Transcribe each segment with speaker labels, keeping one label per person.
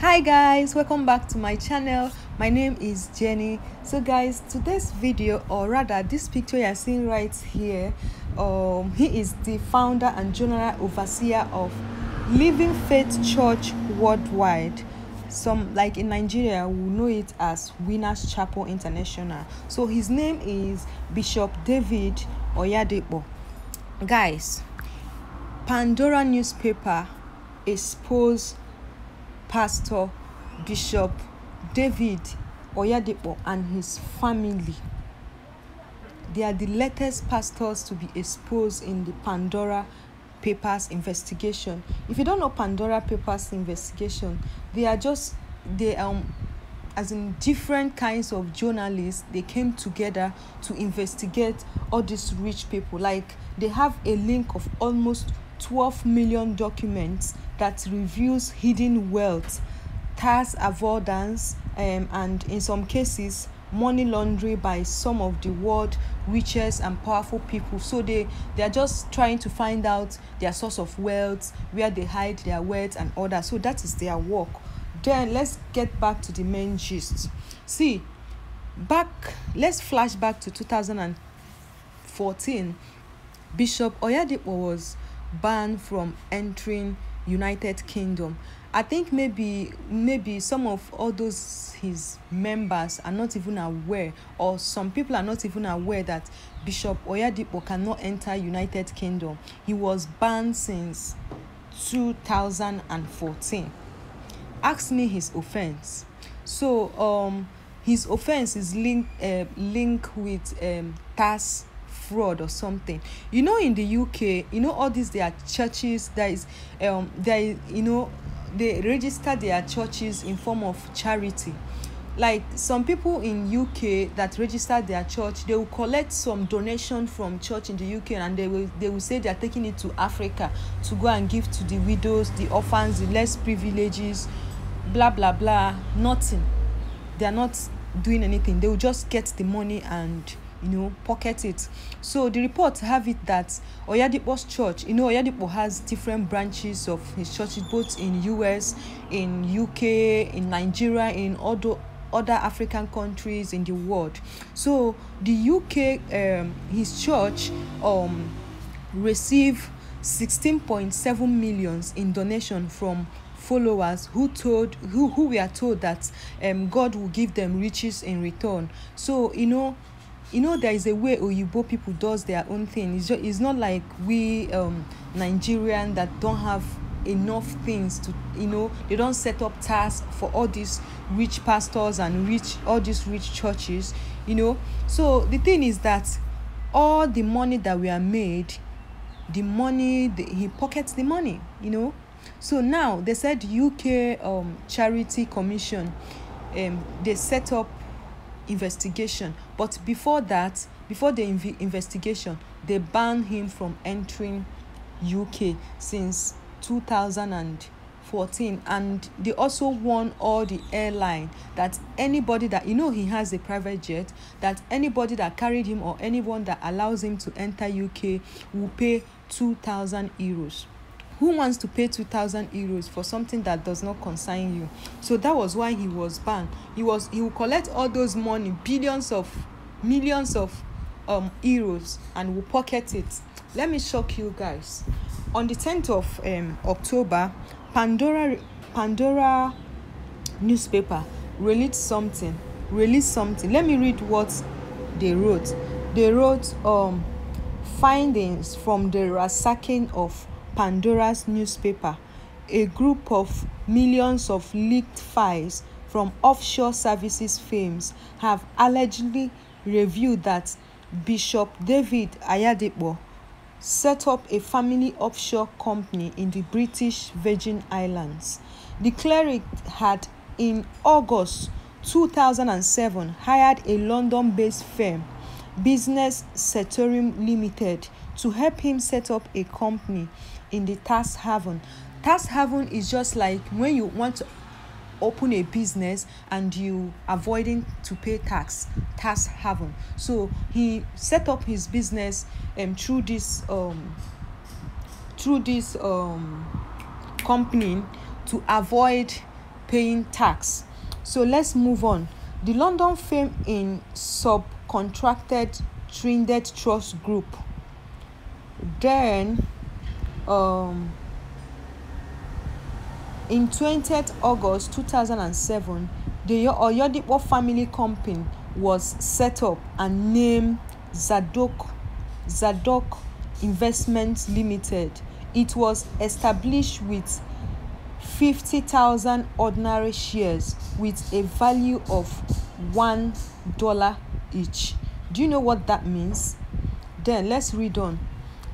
Speaker 1: hi guys welcome back to my channel my name is jenny so guys today's video or rather this picture you're seeing right here um he is the founder and general overseer of living faith church worldwide some like in nigeria we know it as winners chapel international so his name is bishop david Oyedebo. guys pandora newspaper exposed. Pastor Bishop David Oyedepo and his family. They are the latest pastors to be exposed in the Pandora Papers investigation. If you don't know Pandora Papers investigation, they are just they um as in different kinds of journalists they came together to investigate all these rich people like they have a link of almost 12 million documents that reveals hidden wealth, tax avoidance, um, and in some cases, money laundering by some of the world richest and powerful people so they they are just trying to find out their source of wealth where they hide their wealth and all that so that is their work then let's get back to the main gist see back let's flash back to 2014 bishop oyedepo was banned from entering united kingdom i think maybe maybe some of all those his members are not even aware or some people are not even aware that bishop oyadipo cannot enter united kingdom he was banned since 2014 ask me his offense so um his offense is linked uh, linked with um tax fraud or something you know in the uk you know all these there are churches that is um there is, you know they register their churches in form of charity like some people in uk that register their church they will collect some donation from church in the uk and they will they will say they are taking it to africa to go and give to the widows the orphans the less privileges blah blah blah nothing they are not doing anything they will just get the money and you know pocket it so the reports have it that oyadipo's church you know oyadipo has different branches of his churches both in us in uk in nigeria in other other african countries in the world so the uk um, his church um receive 16.7 millions in donation from followers who told who who are told that um, God will give them riches in return. So you know you know there is a way oyibo people does their own thing it's just it's not like we um nigerian that don't have enough things to you know they don't set up tasks for all these rich pastors and rich all these rich churches you know so the thing is that all the money that we are made the money the, he pockets the money you know so now they said uk um charity commission um they set up investigation but before that, before the inv- investigation, they banned him from entering UK since 2014 and they also warn all the airline that anybody that you know he has a private jet that anybody that carried him or anyone that allows him to enter UK will pay 2000 euros who wants to pay 2000 euros for something that does not concern you so that was why he was banned he was he will collect all those money billions of millions of um, euros and will pocket it let me shock you guys on the 10th of um, october pandora pandora newspaper released something released something let me read what they wrote they wrote um findings from the ransacking of Pandora's newspaper, a group of millions of leaked files from offshore services firms have allegedly revealed that Bishop David Ayadepo set up a family offshore company in the British Virgin Islands. The cleric had, in August 2007, hired a London based firm, Business Sectorium Limited, to help him set up a company in the tax haven tax haven is just like when you want to open a business and you avoiding to pay tax tax haven so he set up his business um through this um through this um company to avoid paying tax so let's move on the london firm in subcontracted trinidad trust group then um, in 20th August 2007, the Oyodipo family company was set up and named Zadok, Zadok Investments Limited. It was established with 50,000 ordinary shares with a value of $1 each. Do you know what that means? Then let's read on.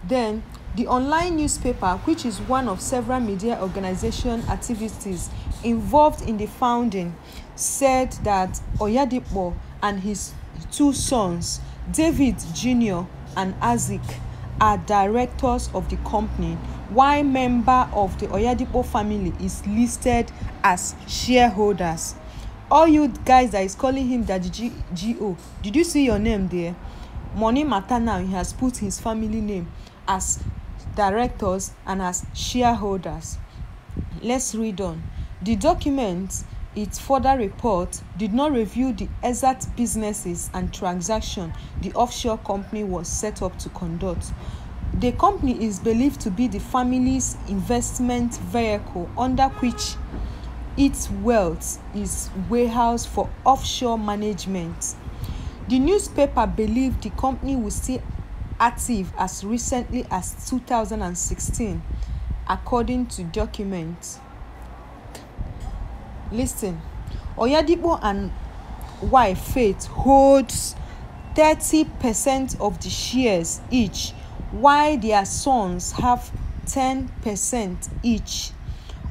Speaker 1: Then The online newspaper, which is one of several media organization activities involved in the founding, said that Oyadipo and his two sons, David Jr. and Azik, are directors of the company, One member of the Oyadipo family is listed as shareholders. All you guys that is calling him Daddy G.O., did you see your name there? Money matter now, he has put his family name as directors, and as shareholders. Let's read on. The document, its further report, did not review the exact businesses and transactions the offshore company was set up to conduct. The company is believed to be the family's investment vehicle under which its wealth is warehoused for offshore management. The newspaper believed the company will still active as recently as 2016, according to documents. Listen, Oyadipo and wife Faith holds 30% of the shares each, while their sons have 10% each.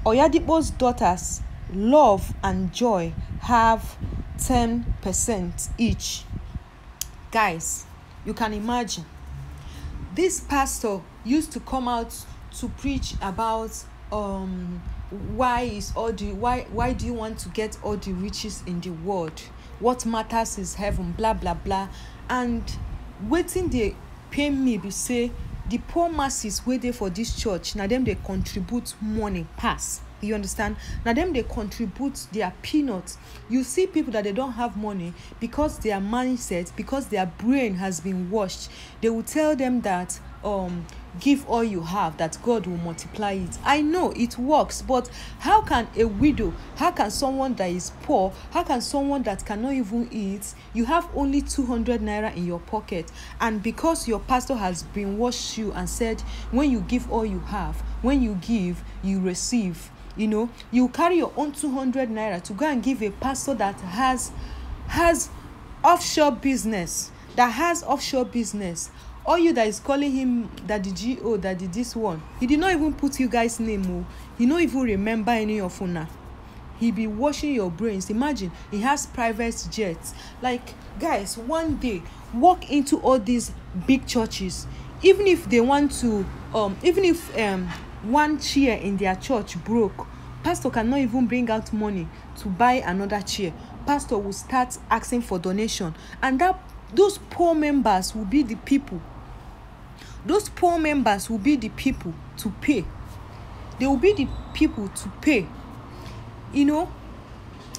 Speaker 1: Oyadipo's daughters, Love and Joy, have 10% each. Guys, you can imagine this pastor used to come out to preach about um, why is all the why why do you want to get all the riches in the world what matters is heaven blah blah blah and wetin dey pain me be say the poor masses wey dey for this church na them dey contribute money pass you understand na them dey contribute their peanuts you see people that they don have money because their mindset because their brain has been washed they will tell them that um, give all you have that god will multiply it i know it works but how can a widow how can someone that is poor how can someone that cannot even eat you have only 200 naira in your pocket and because your pastor has been washed you and said when you give all you have when you give you receive you know you carry your own 200 naira to go and give a pastor that has has offshore business that has offshore business all you that is calling him daddy go oh, daddy this one he did not even put you guys name o oh. he no even remember any of una he be washing your brains imagine he has private jets like guys one day walk into all these big churches even if they want to um even if um one chair in their church broke pastor cannot even bring out money to buy another chair pastor will start asking for donation and that those poor members will be the people those poor members will be the people to pay they will be the people to pay you know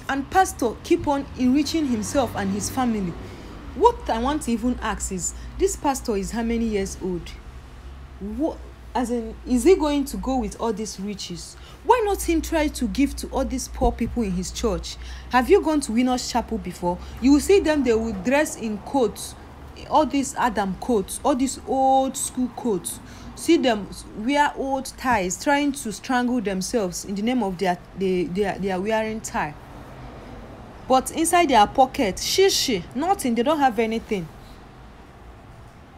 Speaker 1: and pastor keep on enriching himself and his family what i want to even ask is this pastor is how many years old what as in is he going to go with all these riches why not him try to give to all these poor people in his church have you gone to winners chapel before you will see them they will dress in coats all these adam coats all these old school coats see them wear old ties trying to strangle themselves in the name of their they they are, they are wearing tie but inside their pocket shishi nothing they don't have anything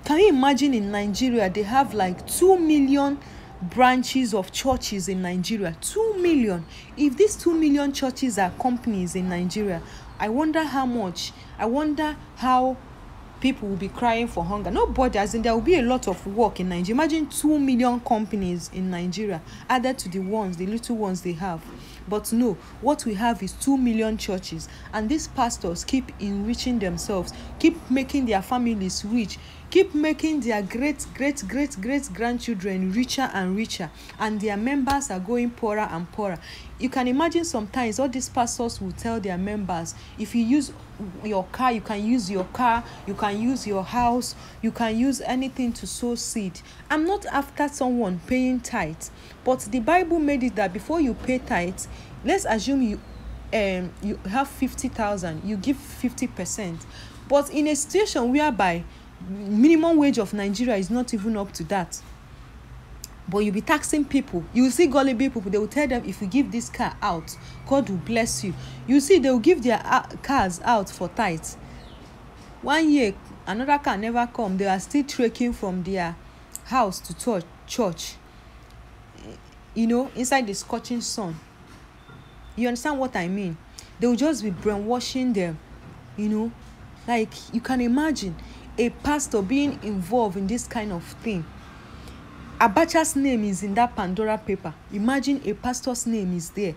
Speaker 1: can you imagine in nigeria they have like two million branches of churches in nigeria two million if these two million churches are companies in nigeria i wonder how much i wonder how people will be crying for hunger. Nobody, as in, there will be a lot of work in Nigeria. Imagine 2 million companies in Nigeria added to the ones, the little ones they have. But no, what we have is 2 million churches, and these pastors keep enriching themselves, keep making their families rich, keep making their great, great, great, great grandchildren richer and richer, and their members are going poorer and poorer. You can imagine sometimes all these pastors will tell their members if you use your car you can use your car you can use your house you can use anything to sow seed i'm not after someone paying tithe but the bible made it that before you pay tithe let's assume you um you have fifty thousand you give fifty percent but in a situation whereby minimum wage of nigeria is not even up to that but you be taxing people you see gullible people they will tell them if you give this car out god will bless you you see they will give their uh, cars out for tithe one year another car never come they are still trekking from their house to church you know inside the scorching sun you understand what i mean they will just be brainwashing them you know like you can imagine a pastor being involved in this kind of thing Abacha's name is in that Pandora paper. Imagine a pastor's name is there.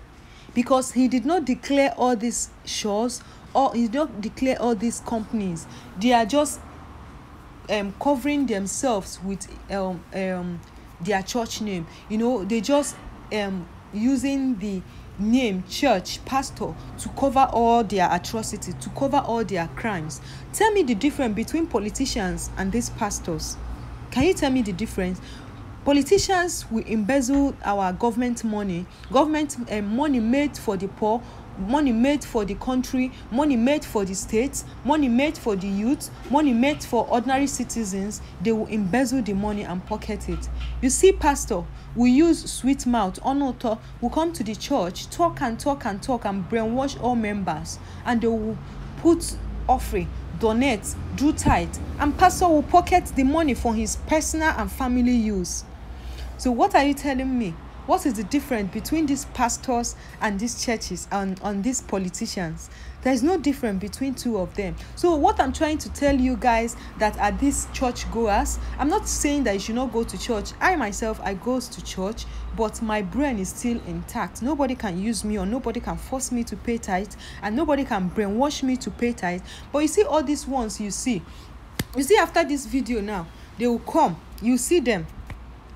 Speaker 1: Because he did not declare all these shows or he did not declare all these companies. They are just um, covering themselves with um, um, their church name. You know, they just um, using the name church pastor to cover all their atrocities, to cover all their crimes tell me the difference between politicians and these pastors can you tell me the difference politicians will embezzle our government money government uh, money made for the poor money made for the country money made for the state money made for the youth money made for ordinary citizens they will embezzle the money and pocket it you see pastor we use sweet mouth onoto we come to the church talk and talk and talk and brainwash all members and they will put offering donate do tithe and pastor will pocket the money for his personal and family use So, what are you telling me? What is the difference between these pastors and these churches and, and these politicians? There's no difference between two of them. So, what I'm trying to tell you guys that are these church goers, I'm not saying that you should not go to church. I myself, I go to church, but my brain is still intact. Nobody can use me or nobody can force me to pay tithe, and nobody can brainwash me to pay tithe. But you see, all these ones you see, you see after this video now, they will come. You see them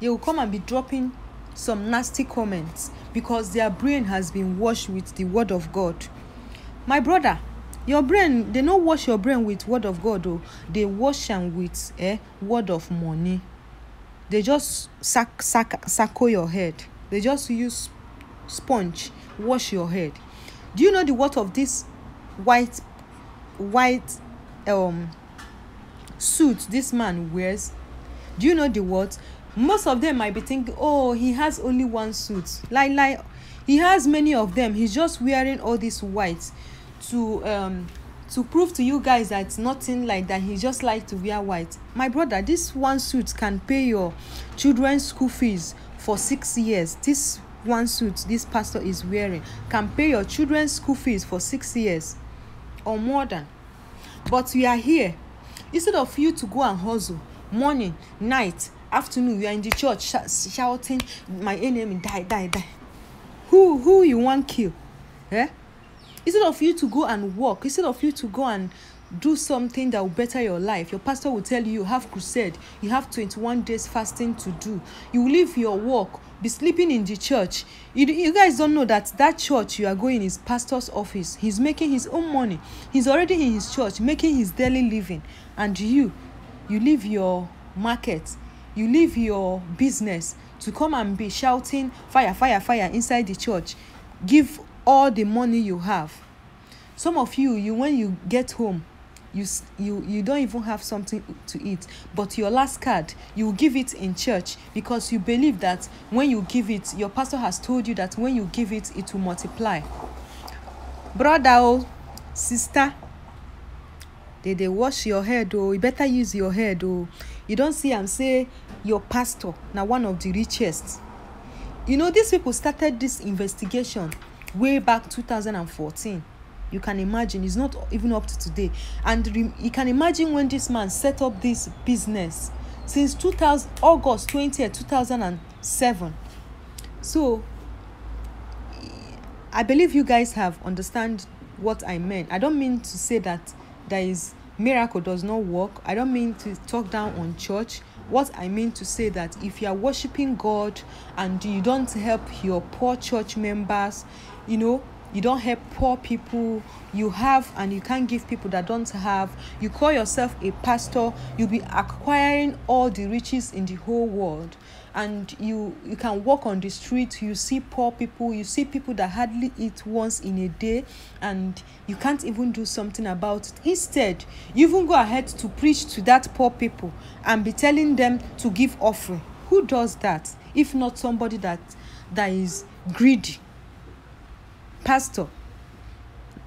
Speaker 1: they will come and be dropping some nasty comments because their brain has been washed with the word of god my brother your brain they no wash your brain with word of god oh they wash and with eh word of money they just suck, suck, sacko your head they just use sponge wash your head do you know the word of this white white um suit this man wears do you know the word? most of them might be thinking oh he has only one suit like like he has many of them he's just wearing all these whites to um to prove to you guys that nothing like that he just likes to wear white my brother this one suit can pay your children's school fees for six years this one suit this pastor is wearing can pay your children's school fees for six years or more than but we are here instead of you to go and hustle morning night afternoon you are in the church shouting my enemy die die die who who you wan kill eh instead of you to go and work instead of you to go and do something that will better your life your pastor will tell you you have crusade you have twenty-one days fasting to do you leave your work be sleeping in the church you, you guys don't know that that church you are going is pastor's office he's making his own money he's already in his church making his daily living and you you leave your market you leave your business to come and be shouting fire fire fire inside the church give all the money you have some of you you when you get home you you you don't even have something to eat but your last card you give it in church because you believe that when you give it your pastor has told you that when you give it it will multiply brother oh sister they they wash your head oh you better use your head oh you don't see am say your pastor now one of the richest you know these people started this investigation way back 2014 you can imagine it's not even up to today and you can imagine when this man set up this business since 2000 august 20 2007 so i believe you guys have understand what i meant i don't mean to say that there is miracle does not work i don't mean to talk down on church what i mean to say that if you are worshiping god and you don't help your poor church members you know you don't help poor people you have and you can't give people that don't have you call yourself a pastor you'll be acquiring all the riches in the whole world and you you can walk on the street you see poor people you see people that hardly eat once in a day and you can't even do something about it instead you even go ahead to preach to that poor people and be telling them to give offering who does that if not somebody that that is greedy pastor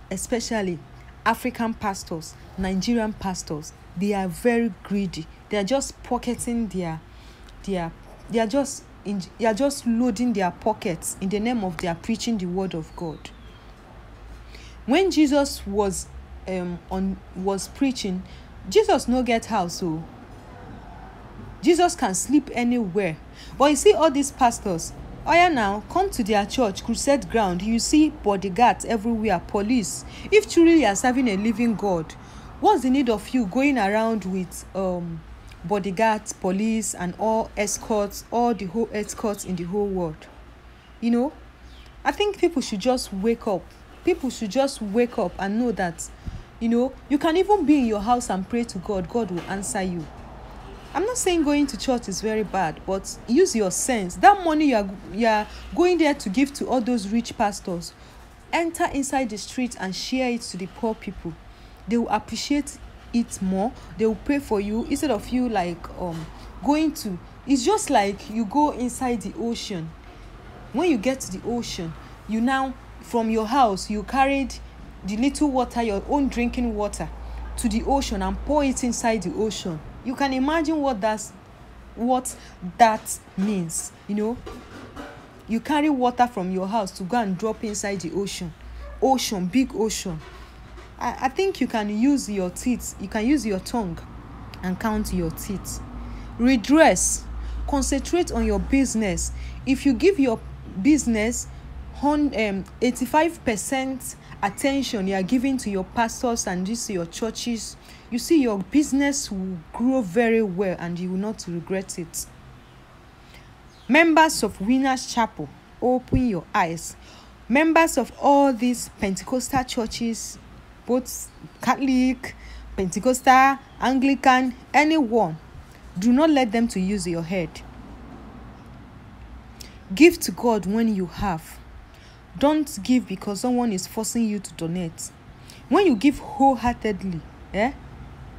Speaker 1: especially african pastors nigerian pastors they are very greedy they are just pocketing their their they are just in, they are just loading their pockets in the name of their preaching the word of god when jesus was um on was preaching jesus no get house so. Oh. jesus can sleep anywhere but you see all these pastors Oya now, come to their church, crusade ground, you see bodyguards everywhere, police. If truly you are serving a living God, what's the need of you going around with um, bodyguards, police, and all escorts, all the whole escorts in the whole world? You know, I think people should just wake up. People should just wake up and know that, you know, you can even be in your house and pray to God, God will answer you. I'm not saying going to church is very bad, but use your sense. That money you are, you are going there to give to all those rich pastors, enter inside the street and share it to the poor people. They will appreciate it more. They will pray for you instead of you like um going to. It's just like you go inside the ocean. When you get to the ocean, you now from your house you carried the little water, your own drinking water, to the ocean and pour it inside the ocean you can imagine what that's what that means you know you carry water from your house to go and drop inside the ocean ocean big ocean i, I think you can use your teeth you can use your tongue and count your teeth redress concentrate on your business if you give your business um, 85 percent attention you are giving to your pastors and this to your churches, you see your business will grow very well and you will not regret it. Members of Winners Chapel, open your eyes. Members of all these Pentecostal churches, both Catholic, Pentecostal, Anglican, anyone, do not let them to use your head. Give to God when you have Don't give because someone is forcing you to donate. When you give wholeheartedly, eh,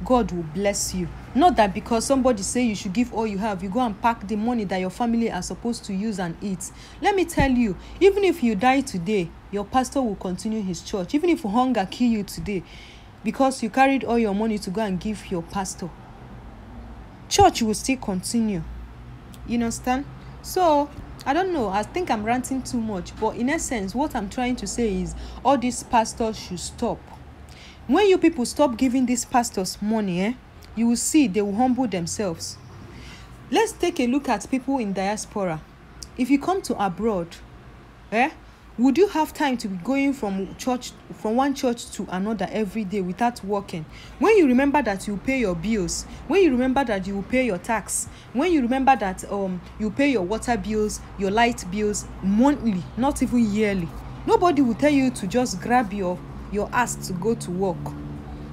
Speaker 1: God will bless you. Not that because somebody say you should give all you have, you go and pack the money that your family are supposed to use and eat. Let me tell you, even if you die today, your pastor will continue his church. Even if hunger kill you today, because you carried all your money to go and give your pastor, church will still continue. You understand? So I don't know. I think I'm ranting too much. But in essence, what I'm trying to say is all these pastors should stop. When you people stop giving these pastors money, eh, you will see they will humble themselves. Let's take a look at people in diaspora. If you come to abroad, eh, would you have time to be going from church from one church to another every day without working when you remember that you pay your bills when you remember that you pay your tax when you remember that um, you pay your water bills your light bills monthly not even yearly nobody will tell you to just grab your your ass to go to work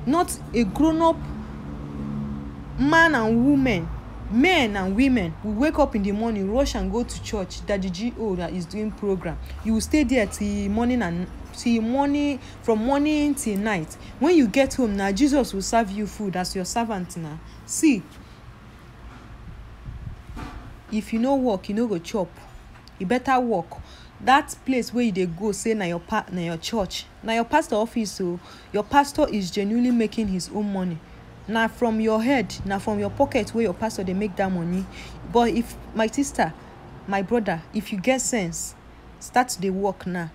Speaker 1: not a grown-up man and woman men and women we wake up in the morning rush and go to church That the go that is doing program you will stay there till morning and till morning from morning till night when you get home na jesus will serve you food as your servant na see if you no work you no go chop you better work that place wey you dey go say na your pa na your church na your pastor office o oh. your pastor is genuinely making his own money na from your head na from your pocket wey your pastor dey make that money but if my sister my brother if you get sense start to dey work now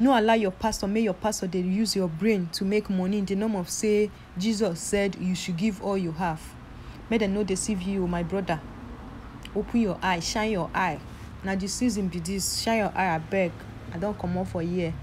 Speaker 1: no allow your pastor make your pastor dey use your brain to make money in the name of say jesus said you should give all you have make dem no deceive you my brother open your eye shine your eye na the season be this shine your eye abeg i don comot for here